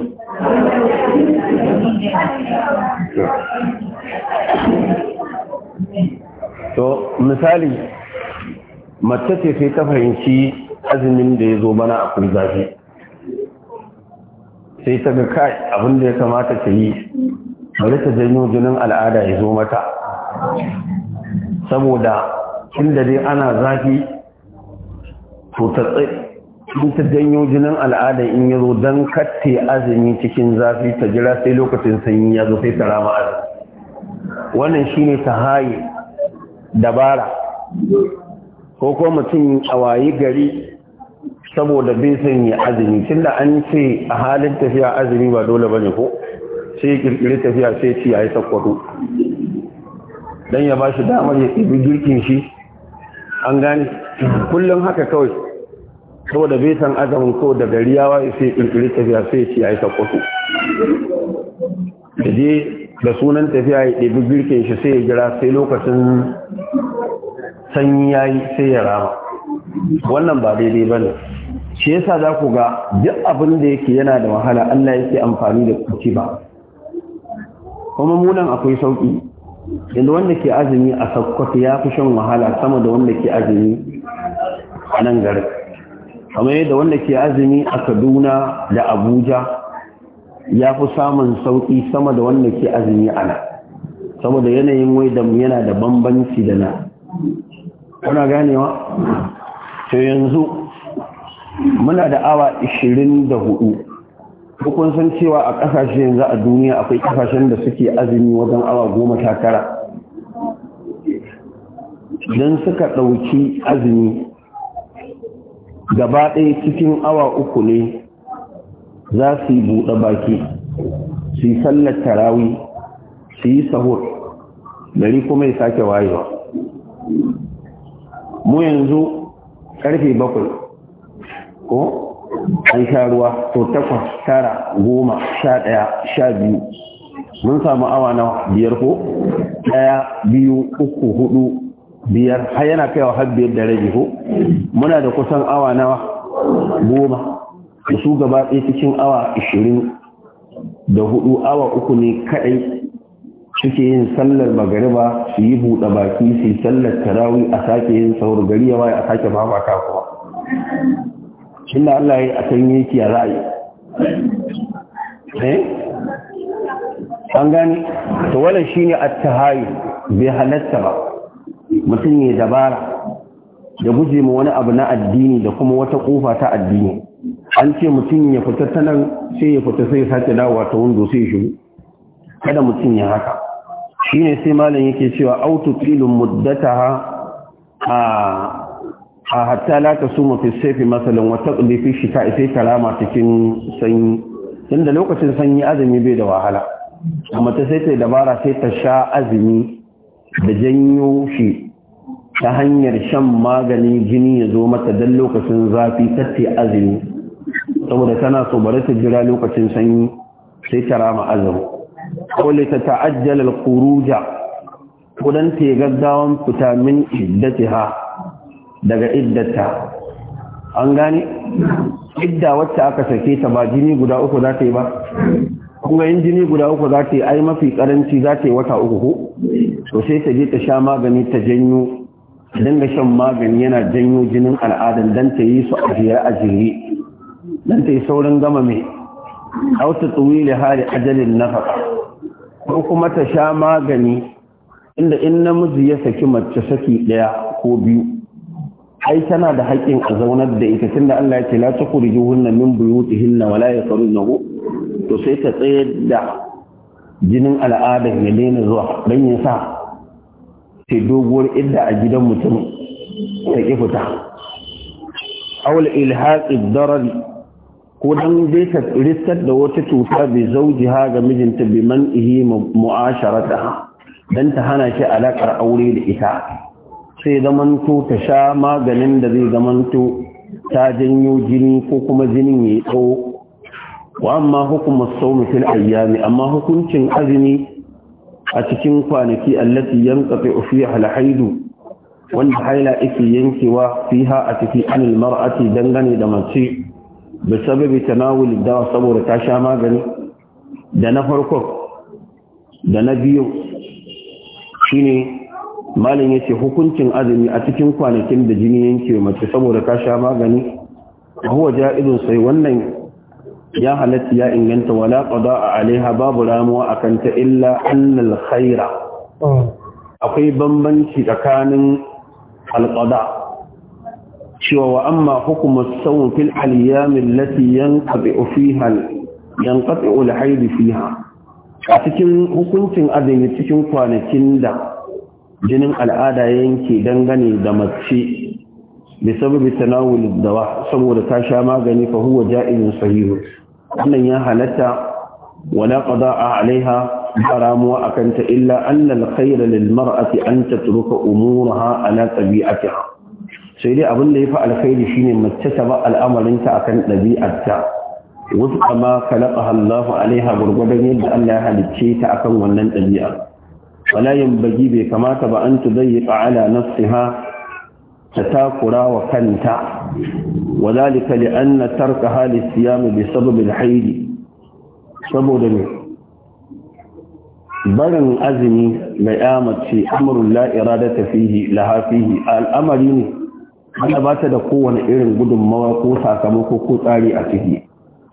to misali mace ce sai ta fahimci azumin da ya zo bana a zafi sai ta ga kai abin da ya kamata ta yi bari ta janyo jinin al'ada ya zo mata saboda inda dai ana zafi to ta in ta janyo jinin al'ada in ya zo don katte azumi cikin zafi ta jira sai lokacin sanyi ya zo sai ta rama azumi wannan shine ta haye dabara ko ko mutum a wayi gari saboda bai son ya azumi tunda an ce a halin tafiya azumi ba dole bane ko sai kirkiri tafiya sai ci yayi sakwato dan ya bashi damar ya ibi girkin shi an gane kullum haka kawai saboda bai san azamin ko da gari yawa sai ƙirƙiri tafiya sai ci ai ta kwato da je da sunan tafiya ya ɗabi girkin shi sai ya jira sai lokacin sanyi ya yi sai ya rama wannan ba daidai ba ne shi yasa za ku ga duk abin da yake yana da wahala Allah yake amfani da kuci ba kuma munan akwai sauƙi. inda wanda ke azumi a sakkwato ya fi shan wahala sama da wanda ke azumi a nan garin kamar yadda wanda ke azumi a kaduna da abuja ya fi samun sauki sama da wanda ke azumi a nan saboda yanayin mu yana da bambanci da na kuna ganewa to yanzu muna da awa 24 kun san cewa a ƙasashe yanzu a duniya akwai ƙasashen da suke azumi wajen awa goma sha tara don suka ɗauki azumi gaba ɗaya cikin awa uku ne za su yi buɗe baki su yi sallar tarawi su yi sahur gari kuma ya sake wayewa mu yanzu ƙarfe bakwai ko an sha ruwa to takwas tara goma sha ɗaya sha biyu mun samu awa na biyar ko ɗaya biyu uku hudu biyar har yana kai wa biyar da rabi ko muna da kusan awa nawa goma da su gaba ɗaya cikin awa ishirin da hudu awa uku ne kaɗai suke yin sallar magariba su yi buɗe baki su yi sallar tarawi a sake yin sahur gari ya a sake ka kuma shin da Allah ya yi a kan yake ya ra'ayi eh an gane to wannan shine at-tahayyul bai halatta ba mutum ne dabara da guje ma wani abu na addini da kuma wata kofa ta addini an ce mutum ya fita ta nan sai ya fita sai ya sake dawowa ta wando sai shi kada mutum ya haka Shi ne sai malam yake cewa autu qilum muddataha a a hatta la suma, fi sayfi masalan wa taqdi fi shita sai kalama cikin sanyi inda lokacin sanyi azumi bai da wahala amma ta sai ta dabara sai ta sha azumi da janyo shi ta hanyar shan maganin jini ya zo mata don lokacin zafi tattai azumi saboda tana so bari ta jira lokacin sanyi sai ta rama azumi kawai ta ta'ajjala kuruja. khuruja kudan ta gaggawan fita min iddatiha daga iddata an gane idda wacce aka sake ta ba jini guda uku za ta yi ba kun ga jini guda uku za ta yi ai mafi karanci za ta yi wata uku ko to sai ta je ta sha magani ta janyo ta dinga shan magani yana janyo jinin al'adan dan ta yi su ajiyar ajiyar dan ta yi saurin gama mai auta tsuwili hali ajalin nafaka ko kuma ta sha magani inda in namiji ya saki mace saki daya ko biyu ai tana da haƙƙin a zaunar da ita tunda Allah ya ce la takhrujuhunna min buyutihinna wala yakhrujna to sai ta tsayar da jinin al'adar ya daina zuwa don ya sa sai doguwar idda a gidan mutum ta ƙi fita awul ilhaƙi darar ko don zai ta ristar da wata cuta bai zauji ha ga mijinta bi man ihi mu'asharata don ta hana shi alaƙar aure da ita sai zamanto ta sha maganin da zai zamanto ta janyo jini ko kuma jinin ya yi tsawo wa amma hukumar saumi fil ayyami amma hukuncin azumi a cikin kwanaki allati yanqati fiha al haidu wanda haila iki yankewa fiha a cikin anil mar'ati dangane da mace bi sababi tanawul dawa saboda ta sha magani da na farko da na biyu shine malin yace hukuncin azumi a cikin kwanakin da jini yanke mace saboda ta sha magani huwa ja'idun sai wannan ya halatta ya inganta wala a alaiha babu ramuwa akan ta illa annal khaira akwai bambanci tsakanin alƙada cewa wa amma hukumar sauwa fil aliyamin lati yankaɓe ulhaidu fiha a cikin hukuncin azumi cikin kwanakin da jinin al'ada yanke dangane da mace bi sababi tanawul dawa saboda ta sha magani fa huwa ja'izun sahihu wannan ya halatta wala qada'a alaiha haramuwa akan ta illa anna alkhayra lil mar'ati an tatruka umuraha ala tabi'atiha sai dai abin da ya fi alkhairi shine mace ta ba al'amarinta akan ɗabi'arta wasu kama kalaqaha Allah alaiha gurgudan yadda Allah ya halicce ta akan wannan ɗabi'a wala yanbaghi bai kamata ba an tudayyiqa ala nafsiha ta takura wa kanta وذلك لأن تركها للصيام بسبب الحيض saboda ne barin azumi mai amace amurin la'ira da tafihi lahafihi al'amari ne wanda ba ta da kowane irin gudunmawa ko sakamako ko tsari a ciki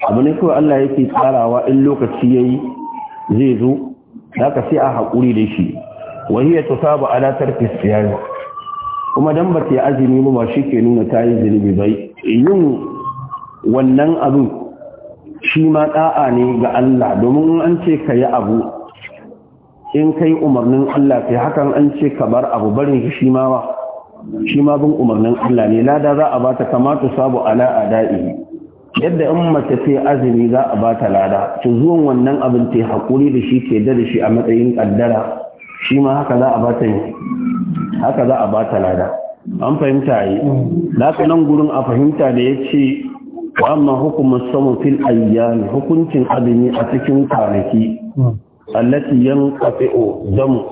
abu ne kawai Allah yake tsarawa in lokaci ya yi zai zo za ka sai a haƙuri da shi wahiyar ya saba alatar fisiyari kuma dan ba ta yi azumi ba ba shi ke nuna ta yi zunubi ba yin wannan abin shi ma ɗa'a ne ga Allah domin an ce ka yi abu in kai umarnin Allah kai hakan an ce ka bar abu barin shi ma ba shi ma bin umarnin Allah ne lada za a bata kamata sabu ala da'i. yadda in mace ce azumi za a bata lada to zuwan wannan abin ta hakuri da shi ke da shi a matsayin kaddara shi ma haka za a bata yi haka za a bata lada an fahimta yi haka nan gurin a fahimta da ya ce amma hukumar samun fil ayyami hukuncin abini a cikin kwanaki allati yan kafi'o damu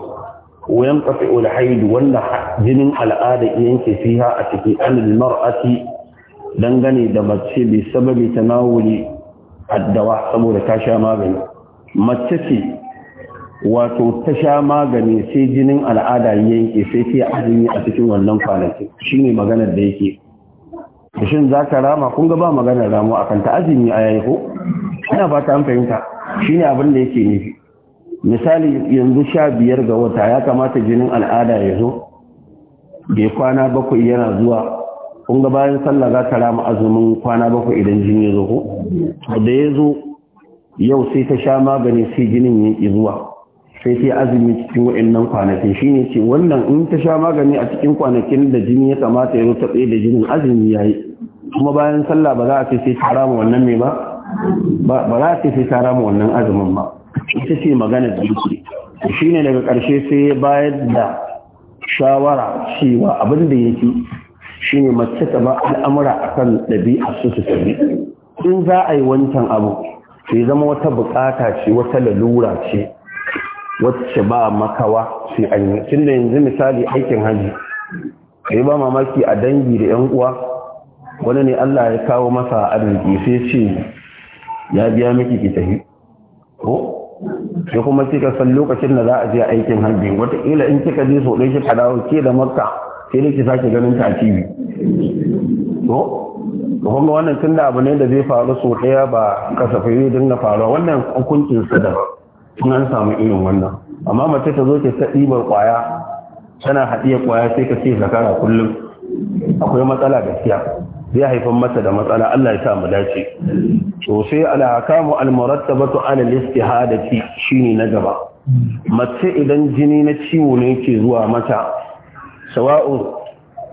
wayan kafi'o da haidu wanda jinin al'ada yanke fiha a cikin alil mar'ati dangane da mace bai sababi ta nawuli addawa saboda ta sha magani mace ce wato ta sha magani sai jinin al'ada yanke sai sai azumi a cikin wannan kwanaki Shi ne maganar da yake shin za ka rama kun ba maganar ramo akan ta azumi a yayi ko ina ba ta fahimta ne abin da yake nufi misali yanzu sha biyar ga wata ya kamata jinin al'ada ya zo bai kwana bakwai yana zuwa kun ga bayan sallah za ka rama azumin kwana bakwai idan jini ya zo ko da ya zo yau sai ta sha magani sai jinin ya zuwa sai ta azumi cikin wa'annan kwanakin shine ce wannan in ta sha magani a cikin kwanakin da jini ya kamata ya zo ta tsaye da jinin azumi yayi kuma bayan sallah ba za a sai ta rama wannan ba ba za a sai ta rama wannan azumin ba ita ce magana da yake ne daga ƙarshe sai ya bayar da shawara cewa abin da yake shine mace ta ba al'amura akan ɗabi'a su su tabi in za a yi wancan abu sai zama wata bukata ce wata lalura ce wacce ba makawa sai an yi tunda yanzu misali aikin haji kai ba mamaki a dangi da yan uwa wani ne Allah ya kawo masa arziki sai ce ya biya miki ki tafi ko sai kuma kika san lokacin da za a je aikin haji wataƙila in kika je so ɗaya kika dawo ke da makka sai dai ki sake ganin ta a tv ko kuma wannan tunda abu ne da zai faru so ɗaya ba kasafai zai dinga faruwa wannan hukuncin su in an samu irin wannan amma mace ta zo ke ta ƙwaya tana haɗiya ƙwaya sai ka ce zakara kullum akwai matsala gaskiya zai haifar mata da matsala Allah ya sa mu dace to sai mu ahkamu al-murattabatu ala al shine na gaba mace idan jini na ciwo ne ke zuwa mata sawa'u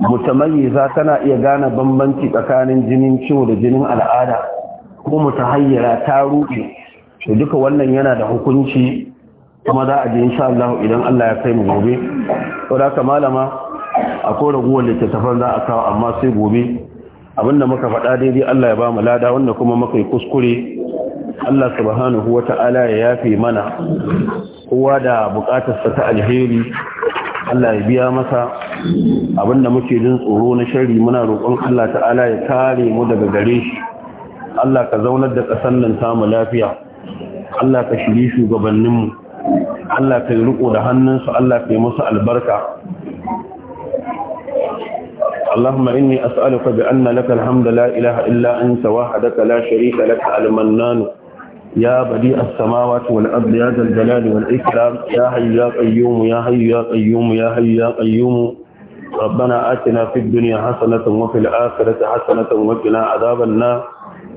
mutamayyiza tana iya gane bambanci tsakanin jinin ciwo da jinin al'ada ko mutahayyira ta ruɗe to duka wannan yana da hukunci kuma za a je insha Allah idan Allah ya kai mu gobe to da malama akwai raguwar littattafan za a kawo amma sai gobe abinda muka faɗa daidai Allah ya ba mu lada wanda kuma muka yi kuskure Allah subhanahu ta'ala ya yafe mana kowa da bukatarsa ta alheri Allah ya biya masa abinda muke jin tsoro na shari muna roƙon Allah ta'ala ya kare mu daga gare shi Allah ka zaunar da ƙasar nan samu lafiya Allah ka shiri shugabanninmu Allah ka yi riko da hannunsu Allah ka yi musu albarka اللهم إني أسألك بأن لك الحمد لا إله إلا أنت وحدك لا شريك لك المنان يا بديع السماوات والأرض يا ذا الجلال والإكرام يا حي يا قيوم يا حي يا قيوم يا حي يا قيوم ربنا آتنا في الدنيا حسنة وفي الآخرة حسنة وقنا عذاب النار